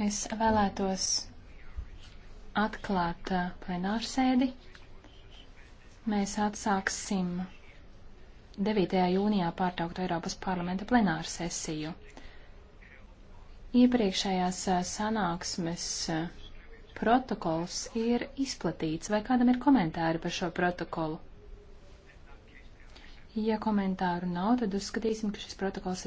Es vēlētos atklāt uh, plenārsēdi. Mēs atsāksim 9. jūnijā pārtrauktu Eiropas parlamenta plenāru sesiju. Iepriekšējās uh, sanāksmes uh, protokols ir izplatīts, vai kādam ir komentāri par šo protokolu? Ja komentāru nav, tad uzskatīsim, ka šis protokols ir.